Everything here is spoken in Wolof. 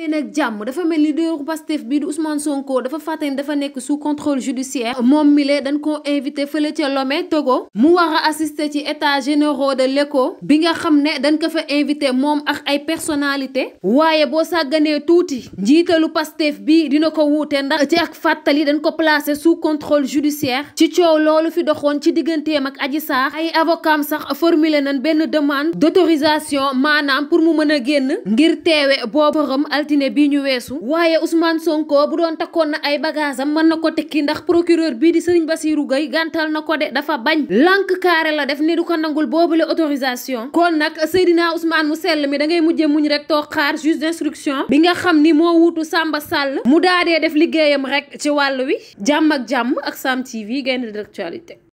tey nag jàmm dafa mel ni leaderu Pastef bii di Ousmane Sonko dafa fàtte dafa nekk sous contrôle judiciaire moom mi lee dañ ko invité fële ca Lomé Togo mu war a assister ci états généraux de l'éco bi nga xam ne dañ ko fa invité moom ak ay personnalité waaye boo sàgganee tuuti njiitalu Pastef bi dina ko wuute ndax ci ak fàttali dañ ko placé su contrôle judiciaire ci coow loolu fi doxoon ci digganteem ak Adji Sarr ay avocaam sax formulé nañ benn demande d'autorisation maanaam pour mu mën a génn ngir teewe boobu altine bii ñu weesu waaye Ousmane Sonko bu doon takkoon na ay bagaasam mën na ko tekki ndax procureur bii di Serigne Bassirou Gueye gàntal na ko de dafa bañ lànk carré la def ni du ko nangul boobule autorisation kon nag Seydina Ousmane mu sell mi da ngay mujje muñ rek toog xaar juge d'instruction bi nga xam ni moo wuutu Samba sàll mu daadee def liggéeyam rek ci wàll wi jàmm ak jàmm ak Sam TV gaynde d'actualité